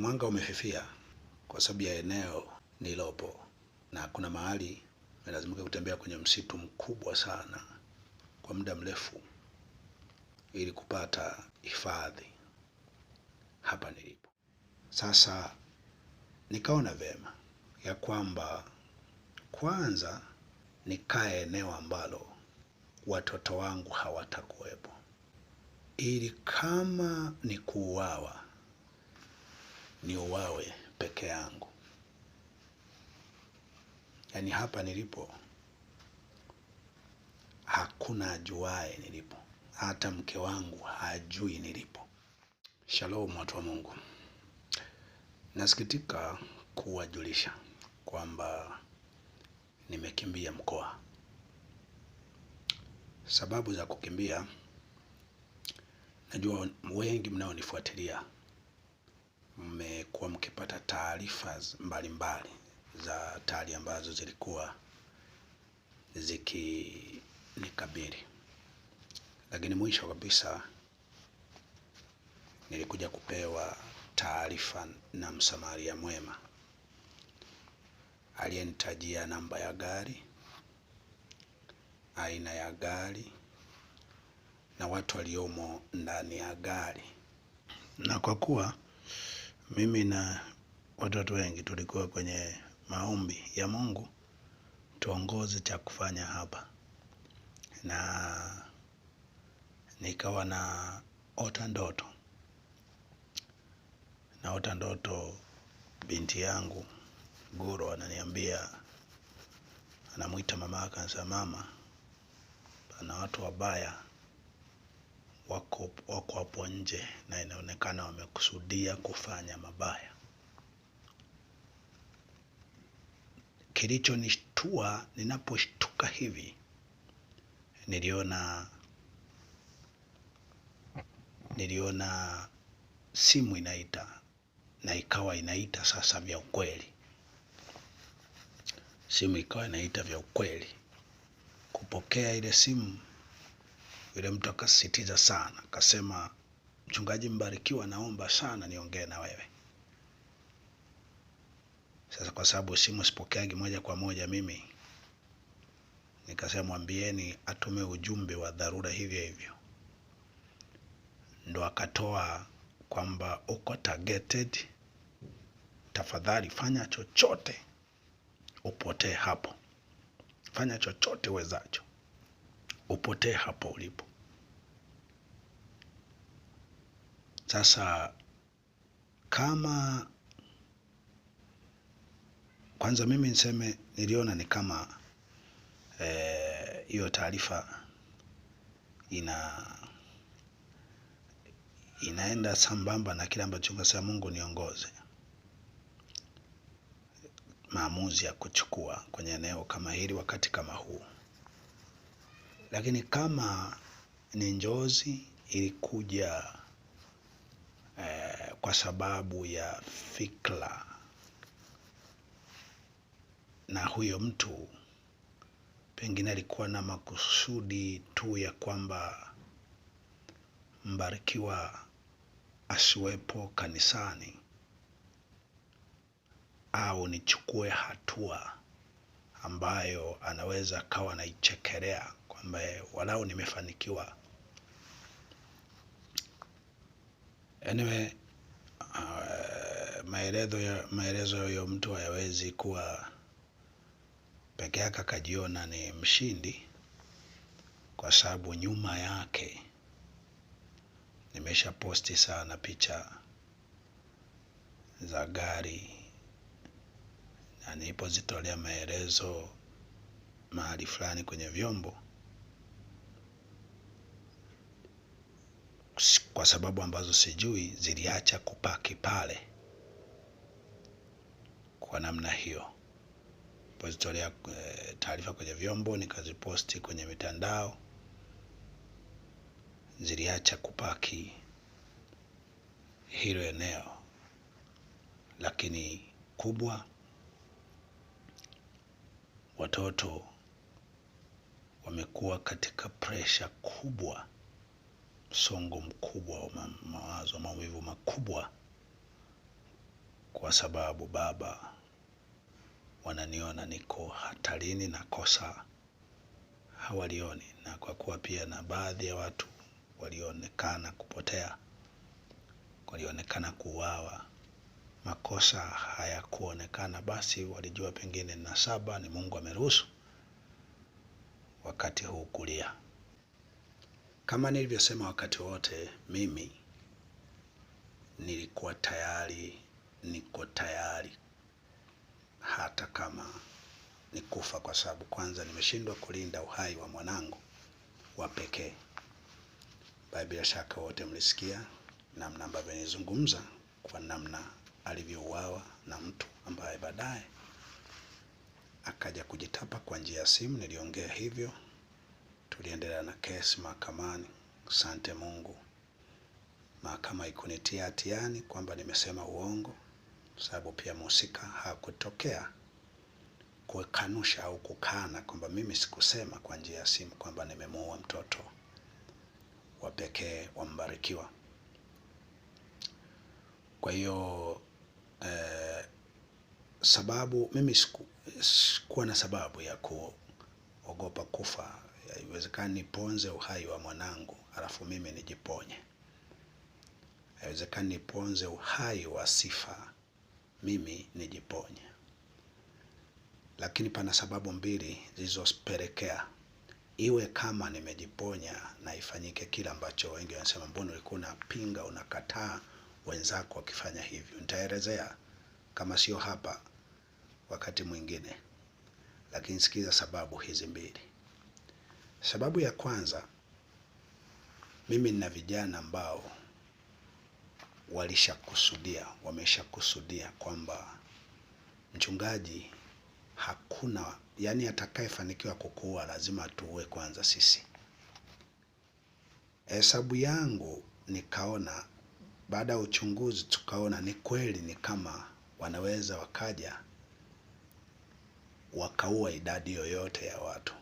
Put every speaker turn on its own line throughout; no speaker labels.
Mwanga umefifia kwa sababu ya eneo nilopo, na kuna mahali nalazimika kutembea kwenye msitu mkubwa sana kwa muda mrefu ili kupata hifadhi hapa nilipo. Sasa nikaona vema ya kwamba kwanza nikae eneo ambalo watoto wangu hawatakuwepo, ili kama ni kuuawa ni uwawe peke yangu. Yaani hapa nilipo hakuna ajuae nilipo, hata mke wangu hajui nilipo. Shalom watu wa Mungu, nasikitika kuwajulisha kwamba nimekimbia mkoa. Sababu za kukimbia, najua wengi mnaonifuatilia mmekuwa mkipata taarifa mbalimbali za hatari ambazo zilikuwa zikinikabili, lakini mwisho kabisa nilikuja kupewa taarifa na msamaria mwema aliyenitajia namba ya gari, aina ya gari na watu waliomo ndani ya gari, na kwa kuwa mimi na watoto wengi tulikuwa kwenye maombi ya Mungu tuongoze cha kufanya hapa, na nikawa na ota ndoto naota ndoto, binti yangu Guro ananiambia, anamwita mama yake, anasema mama, pana watu wabaya wako, wako hapo nje na inaonekana wamekusudia kufanya mabaya. Kilichonishtua, ninaposhtuka hivi, niliona niliona simu inaita na ikawa inaita sasa vya ukweli, simu ikawa inaita vya ukweli. Kupokea ile simu yule mtu akasisitiza sana, akasema, Mchungaji Mbarikiwa, naomba sana niongee na wewe. Sasa kwa sababu simu sipokeagi moja kwa moja mimi, nikasema mwambieni atume ujumbe wa dharura hivyo hivyo. Ndo akatoa kwamba uko targeted, tafadhali fanya chochote upotee hapo, fanya chochote uwezacho upotee hapo ulipo. Sasa kama kwanza, mimi niseme niliona ni kama eh, hiyo e, taarifa ina inaenda sambamba na kile ambacho kasema, Mungu niongoze maamuzi ya kuchukua kwenye eneo kama hili wakati kama huu. Lakini kama ni njozi ilikuja eh, kwa sababu ya fikra na huyo mtu pengine alikuwa na makusudi tu ya kwamba Mbarikiwa asiwepo kanisani au nichukue hatua ambayo anaweza akawa anaichekelea ambaye walau nimefanikiwa. Anyway, uh, maelezo ya maelezo ya huyo mtu hayawezi kuwa peke yake akajiona ni mshindi, kwa sababu nyuma yake nimesha posti sana picha za gari na nilipozitolea maelezo mahali fulani kwenye vyombo kwa sababu ambazo sijui ziliacha kupaki pale kwa namna hiyo. Pozitolea eh, taarifa kwenye vyombo nikaziposti kwenye mitandao, ziliacha kupaki hilo eneo, lakini kubwa watoto wamekuwa katika presha kubwa msongo mkubwa wa mawazo, maumivu makubwa, kwa sababu baba wananiona niko hatarini na kosa hawalioni, na kwa kuwa pia na baadhi ya watu walionekana kupotea, walionekana kuuawa, makosa hayakuonekana, basi walijua pengine na saba ni Mungu ameruhusu wakati huu kulia. Kama nilivyosema wakati wote, mimi nilikuwa tayari, niko tayari hata kama ni kufa, kwa sababu kwanza nimeshindwa kulinda uhai wa mwanangu wa pekee ambaye bila shaka wote mlisikia namna ambavyo nizungumza kwa namna alivyouawa na mtu ambaye baadaye akaja kujitapa kwa njia ya simu. Niliongea hivyo tuliendelea na kesi mahakamani. sante Mungu, mahakama ikunitia hatiani kwamba nimesema uongo, sababu pia mhusika hakutokea kukanusha au kukana kwamba mimi sikusema kwa njia ya simu kwamba nimemuua mtoto wa pekee wa Mbarikiwa. Kwa hiyo eh, sababu mimi sikuwa na sababu ya kuogopa kufa haiwezekani niponze uhai wa mwanangu alafu mimi nijiponye. Haiwezekani niponze uhai wa Sifa mimi nijiponye. Lakini pana sababu mbili zilizopelekea iwe kama nimejiponya na ifanyike kile ambacho wengi wanasema, mbona ulikuwa unapinga unakataa wenzako wakifanya hivyo? Nitaelezea kama sio hapa, wakati mwingine. Lakini sikiza sababu hizi mbili. Sababu ya kwanza, mimi nina vijana ambao walishakusudia, wameshakusudia kwamba mchungaji hakuna yani atakayefanikiwa kukuua lazima tuue kwanza sisi. Hesabu yangu nikaona, baada ya uchunguzi tukaona ni kweli, ni kama wanaweza wakaja wakaua idadi yoyote ya watu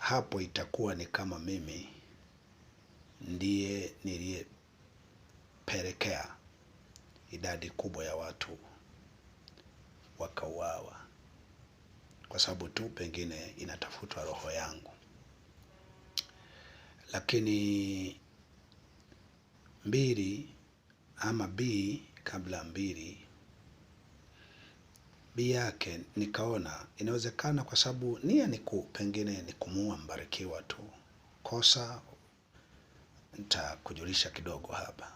hapo itakuwa ni kama mimi ndiye niliyepelekea idadi kubwa ya watu wakauawa, kwa sababu tu pengine inatafutwa roho yangu. Lakini mbili ama b kabla mbili bii yake, nikaona inawezekana, kwa sababu nia ni kuu, pengine ni kumuua Mbarikiwa tu. Kosa nitakujulisha kidogo hapa,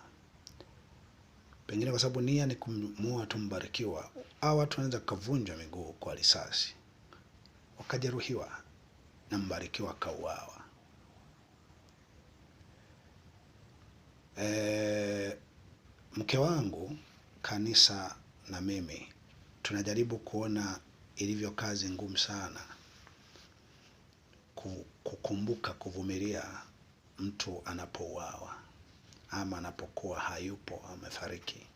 pengine kwa sababu nia ni kumuua tu Mbarikiwa, au watu wanaweza kuvunjwa miguu kwa risasi wakajeruhiwa na Mbarikiwa kauawa. E, eh, mke wangu kanisa na mimi tunajaribu kuona ilivyo kazi ngumu sana kukumbuka kuvumilia mtu anapouawa ama anapokuwa hayupo amefariki.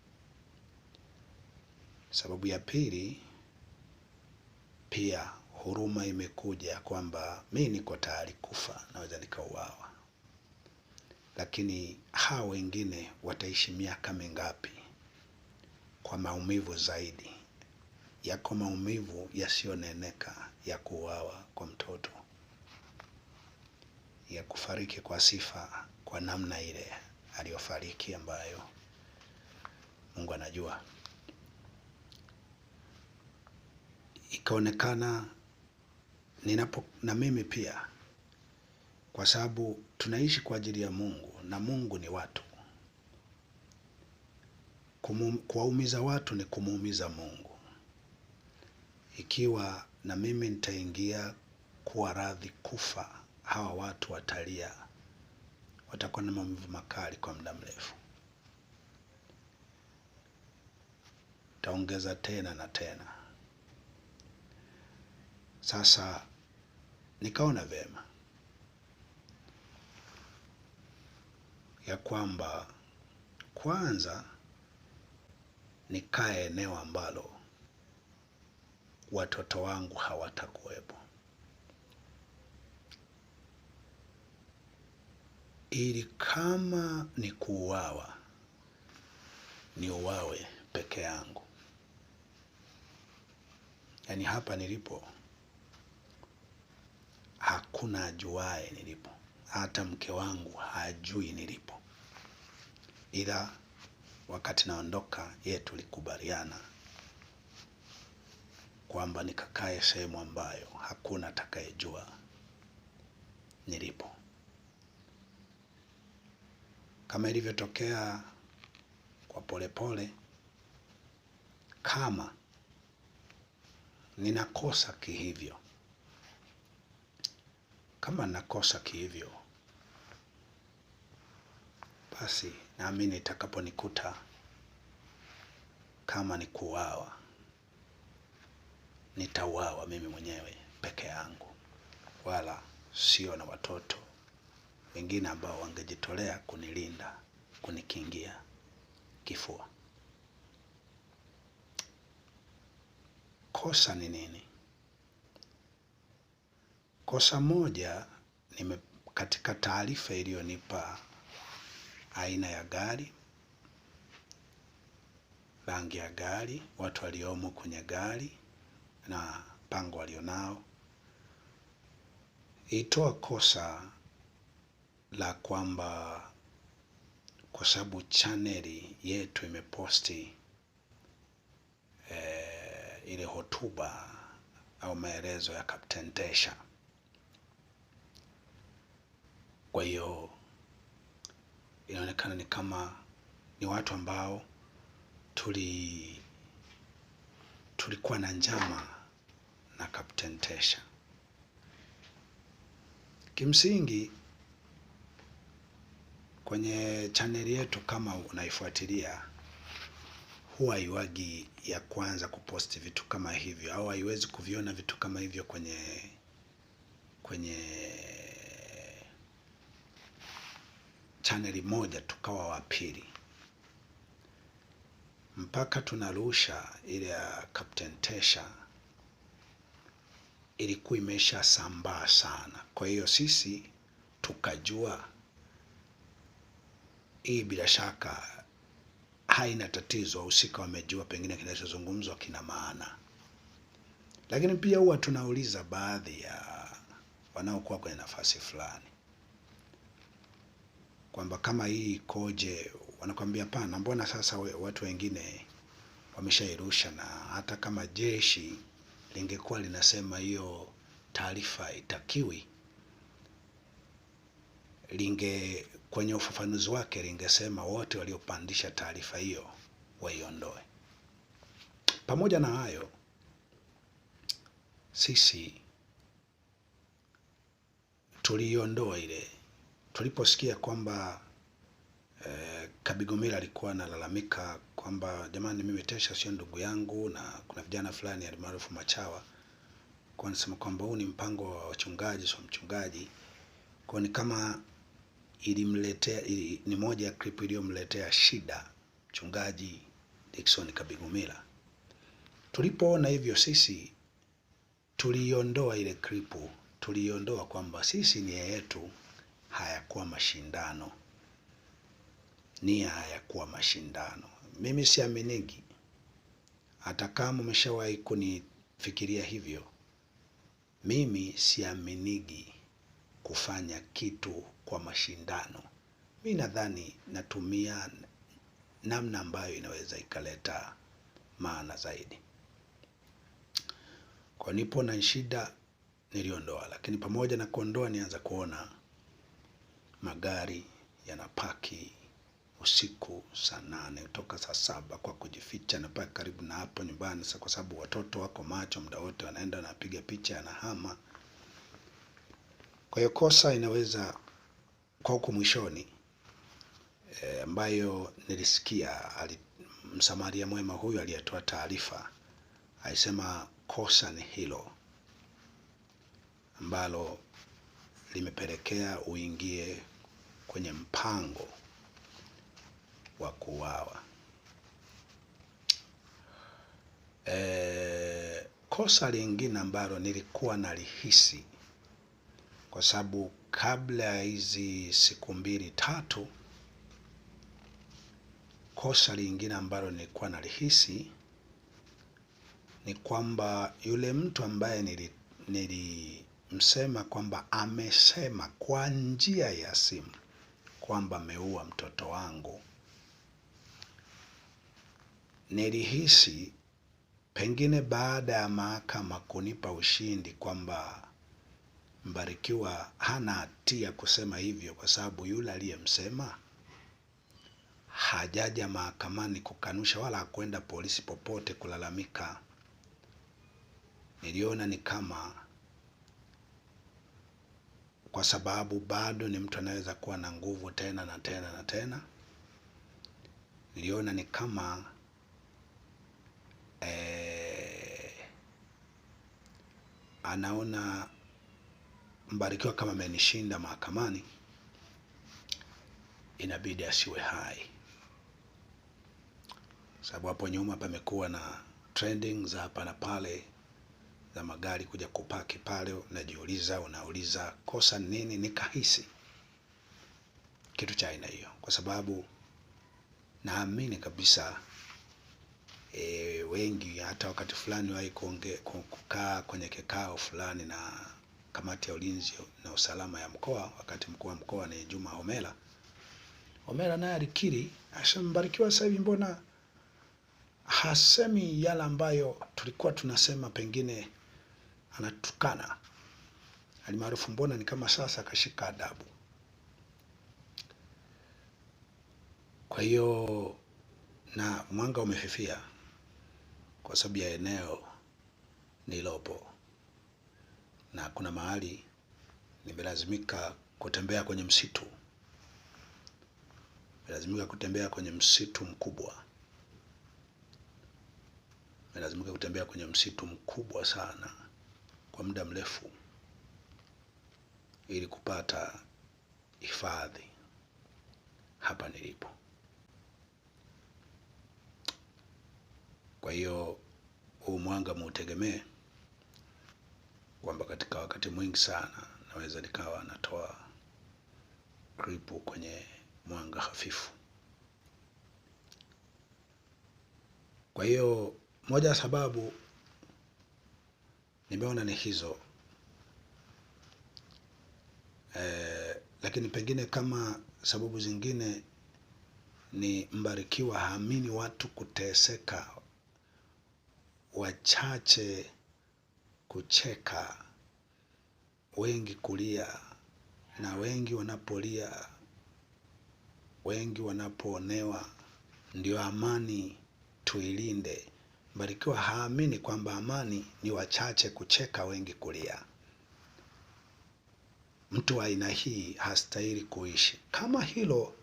Sababu ya pili, pia huruma imekuja kwamba mi niko tayari kufa, naweza nikauawa, lakini hawa wengine wataishi miaka mingapi kwa maumivu zaidi? yako maumivu yasiyoneneka ya kuuawa kwa mtoto, ya kufariki kwa sifa kwa namna ile aliyofariki, ambayo Mungu anajua. Ikaonekana ninapo na mimi pia, kwa sababu tunaishi kwa ajili ya Mungu na Mungu ni watu. Kuwaumiza watu ni kumuumiza Mungu ikiwa na mimi nitaingia kuwa radhi kufa, hawa watu watalia, watakuwa na maumivu makali kwa muda mrefu. Taongeza tena na tena. Sasa nikaona vema ya kwamba kwanza nikae eneo ambalo watoto wangu hawatakuwepo. Ili kama ni kuuawa, ni uwawe peke yangu. Yaani hapa nilipo hakuna ajuae nilipo, hata mke wangu hajui nilipo, ila wakati naondoka, yeye tulikubaliana kwamba nikakae sehemu ambayo hakuna atakayejua nilipo, kama ilivyotokea kwa Polepole pole. Kama ninakosa kihivyo, kama ninakosa kihivyo, basi naamini itakaponikuta kama ni kuuawa nitauawa mimi mwenyewe peke yangu, wala sio na watoto wengine ambao wangejitolea kunilinda, kunikingia kifua. Kosa ni nini? Kosa moja nime, katika taarifa iliyonipa aina ya gari, rangi ya gari, watu waliomo kwenye gari na mpango walionao. Itoa kosa la kwamba kwa sababu chaneli yetu imeposti eh, ile hotuba au maelezo ya Kapteni Tesha. Kwa hiyo inaonekana ni kama ni watu ambao tuli tulikuwa na njama na Captain Tesha. Kimsingi kwenye chaneli yetu kama unaifuatilia huwa iwagi ya kwanza kuposti vitu kama hivyo au haiwezi kuviona vitu kama hivyo kwenye kwenye chaneli moja tukawa wa pili mpaka tunarusha ile ya Captain Tesha ilikuwa imeshasambaa sana. Kwa hiyo sisi tukajua hii bila shaka haina tatizo, wahusika wamejua pengine kinachozungumzwa kina maana. Lakini pia huwa tunauliza baadhi ya wanaokuwa kwenye nafasi fulani kwamba kama hii ikoje, wanakwambia pana, mbona sasa watu wengine wameshairusha, na hata kama jeshi lingekuwa linasema hiyo taarifa itakiwi, linge kwenye ufafanuzi wake lingesema wote waliopandisha taarifa hiyo waiondoe. Pamoja na hayo, sisi tuliiondoa ile tuliposikia kwamba eh, Kabigomila alikuwa analalamika kwamba jamani, mimi Tesha sio ndugu yangu, na kuna vijana fulani almaarufu machawa kwa anasema kwamba huu ni mpango wa wachungaji, sio mchungaji. Kwa ni kama ilimletea ili, ni moja ya clip iliyomletea shida mchungaji Dickson Kabigumila. Tulipoona hivyo sisi tuliondoa ile clip, tuliondoa kwamba sisi nia yetu hayakuwa mashindano nia ya kuwa mashindano. Mimi siaminigi, hata kama umeshawahi kunifikiria hivyo, mimi siaminigi kufanya kitu kwa mashindano. Mi nadhani natumia namna ambayo inaweza ikaleta maana zaidi. Kwa nipo na shida niliondoa, lakini pamoja na kuondoa nianza kuona magari yanapaki usiku saa nane kutoka saa saba kwa kujificha na paka karibu na hapo nyumbani, kwa sababu watoto wako macho muda wote, wanaenda wanapiga picha, anahama. Kwa hiyo kosa inaweza kwa huku mwishoni e, ambayo nilisikia ali, msamaria mwema huyu aliyetoa taarifa alisema kosa ni hilo ambalo limepelekea uingie kwenye mpango wa kuuawa. E, eh, kosa lingine ambalo nilikuwa nalihisi kwa sababu kabla ya hizi siku mbili tatu, kosa lingine ambalo nilikuwa nalihisi ni kwamba yule mtu ambaye nili nilimsema kwamba amesema kwa njia ya simu kwamba ameua mtoto wangu nilihisi pengine baada ya mahakama kunipa ushindi kwamba Mbarikiwa hana hatia kusema hivyo, kwa sababu yule aliyemsema hajaja mahakamani kukanusha wala hakwenda polisi popote kulalamika. Niliona ni kama kwa sababu bado ni mtu anaweza kuwa na nguvu tena na tena na tena, niliona ni kama eh, anaona Mbarikiwa kama amenishinda mahakamani, inabidi asiwe hai, sababu hapo nyuma pamekuwa na trending za hapa na pale za magari kuja kupaki pale, unajiuliza unauliza kosa nini? Nikahisi kitu cha aina hiyo, kwa sababu naamini kabisa e, wengi hata wakati fulani wahi kukaa kwenye kikao fulani na kamati ya ulinzi na usalama ya mkoa, wakati mkuu wa mkoa ni Juma Homera. Homera naye alikiri, ashambarikiwa sasa hivi, mbona hasemi yale ambayo tulikuwa tunasema, pengine anatukana alimaarufu, mbona ni kama sasa akashika adabu. Kwa hiyo na mwanga umefifia kwa sababu ya eneo nilopo, na kuna mahali nimelazimika kutembea kwenye msitu, nimelazimika kutembea kwenye msitu mkubwa, nimelazimika kutembea kwenye msitu mkubwa sana kwa muda mrefu ili kupata hifadhi hapa nilipo. Kwa hiyo huu mwanga muutegemee kwamba katika wakati mwingi sana naweza nikawa natoa kripu kwenye mwanga hafifu. Kwa hiyo moja ya sababu nimeona ni hizo e, lakini pengine kama sababu zingine ni Mbarikiwa haamini watu kuteseka wachache kucheka, wengi kulia, na wengi wanapolia, wengi wanapoonewa, ndio amani tuilinde. Mbarikiwa haamini kwamba amani ni wachache kucheka, wengi kulia. Mtu wa aina hii hastahili kuishi. Kama hilo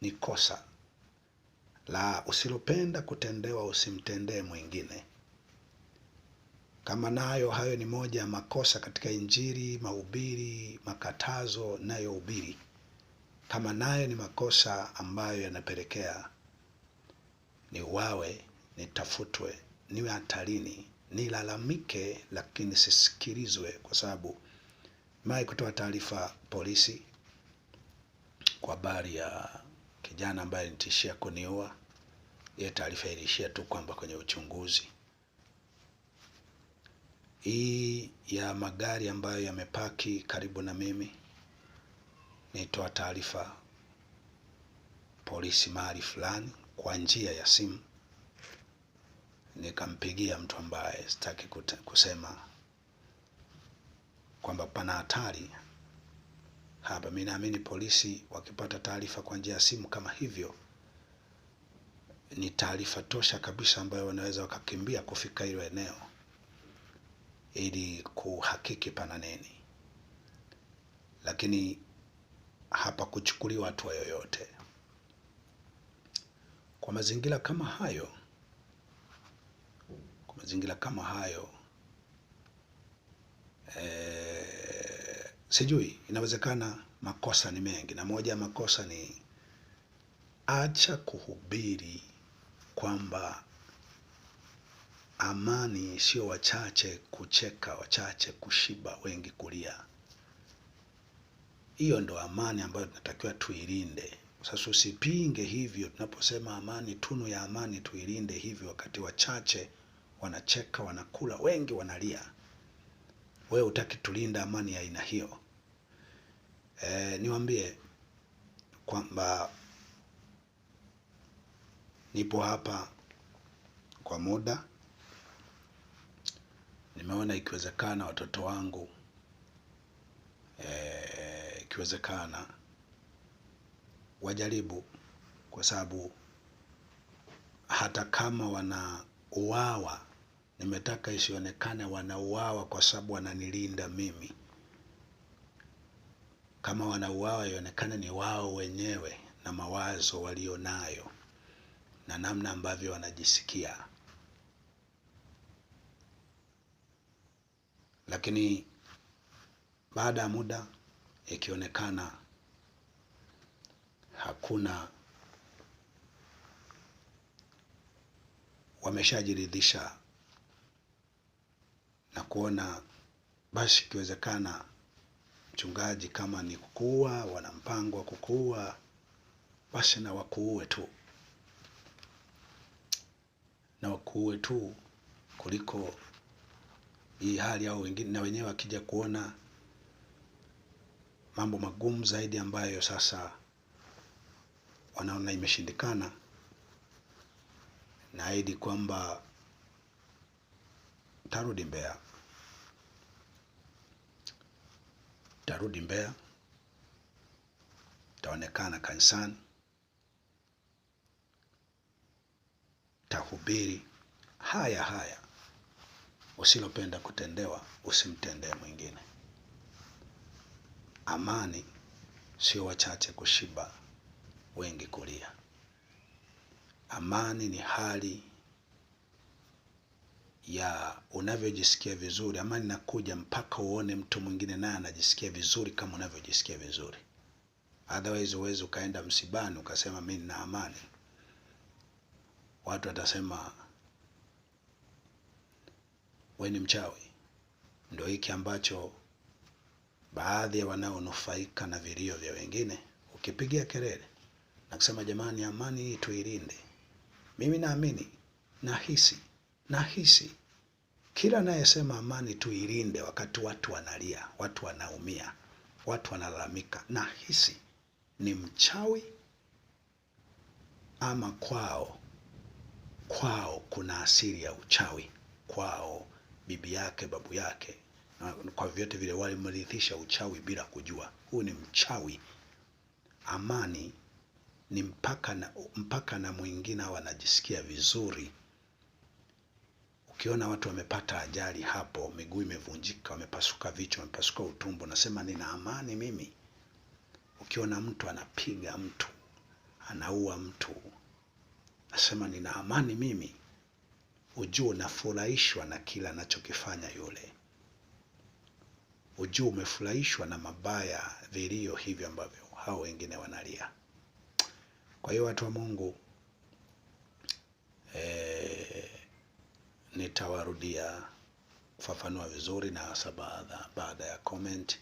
ni kosa la usilopenda kutendewa, usimtendee mwingine. Kama nayo hayo ni moja ya makosa katika Injili, mahubiri, makatazo nayohubiri, kama nayo ni makosa ambayo yanapelekea niuawe, nitafutwe, niwe hatarini, nilalamike, lakini sisikilizwe, kwa sababu mai kutoa taarifa polisi kwa habari ya kijana ambaye nitishia kuniua. Hiyo taarifa iliishia tu kwamba kwenye uchunguzi hii ya magari ambayo yamepaki karibu na mimi. Nitoa taarifa polisi mahali fulani kwa njia ya simu, nikampigia mtu ambaye sitaki kusema kwamba pana hatari hapa. Mimi naamini polisi wakipata taarifa kwa njia ya simu kama hivyo, ni taarifa tosha kabisa ambayo wanaweza wakakimbia kufika hilo eneo ili kuhakiki pana nini, lakini hapakuchukuliwa hatua yoyote. Kwa mazingira kama hayo, kwa mazingira kama hayo e, sijui, inawezekana makosa ni mengi, na moja ya makosa ni acha kuhubiri kwamba Amani sio wachache kucheka, wachache kushiba, wengi kulia. Hiyo ndo amani ambayo tunatakiwa tuilinde. Sasa usipinge hivyo, tunaposema amani, tunu ya amani tuilinde hivyo, wakati wachache wanacheka, wanakula, wengi wanalia. Wewe utaki tulinda amani ya aina hiyo? E, niwaambie kwamba nipo hapa kwa muda nimeona ikiwezekana watoto wangu eh, ikiwezekana wajaribu, kwa sababu hata kama wanauawa, nimetaka isionekane wanauawa kwa sababu wananilinda mimi. Kama wanauawa, ionekane ni wao wenyewe na mawazo walionayo na namna ambavyo wanajisikia Lakini baada ya muda ikionekana hakuna, wameshajiridhisha na kuona basi, ikiwezekana mchungaji, kama ni kukuua, wana mpango wa kukuua, basi na wakuue tu na wakuue tu kuliko hii hali au wengine na wenyewe wakija kuona mambo magumu zaidi ambayo sasa wanaona imeshindikana, naahidi kwamba tarudi Mbeya, tarudi Mbeya, taonekana kanisani, tahubiri haya haya Usilopenda kutendewa usimtendee mwingine. Amani sio wachache kushiba, wengi kulia. Amani ni hali ya unavyojisikia vizuri. Amani inakuja mpaka uone mtu mwingine naye anajisikia vizuri kama unavyojisikia vizuri. Otherwise uwezi ukaenda msibani ukasema mi nina amani, watu watasema wewe ni mchawi. Ndio hiki ambacho baadhi ya wanaonufaika na vilio vya wengine ukipigia kelele na kusema jamani, amani hii tuilinde. Mimi naamini, nahisi, nahisi kila anayesema amani tuilinde, wakati watu wanalia, watu wanaumia, watu wanalalamika, nahisi ni mchawi ama kwao kwao kuna asili ya uchawi kwao bibi yake, babu yake, na kwa vyote vile walimrithisha uchawi bila kujua. Huyu ni mchawi. Amani ni mpaka na, mpaka na mwingine wanajisikia vizuri. Ukiona watu wamepata ajali hapo, miguu imevunjika, wamepasuka vichwa, wamepasuka utumbo, nasema nina amani mimi. Ukiona mtu anapiga mtu, anaua mtu, nasema nina amani mimi ujue unafurahishwa na kila anachokifanya yule, ujue umefurahishwa na mabaya, vilio hivyo ambavyo hao wengine wanalia. Kwa hiyo watu wa Mungu, e, nitawarudia kufafanua vizuri na hasa baada ya comment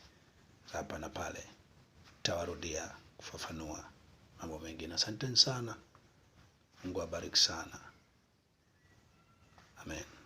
hapa na pale, nitawarudia kufafanua mambo mengine. Asanteni sana, Mungu abariki sana. Amen.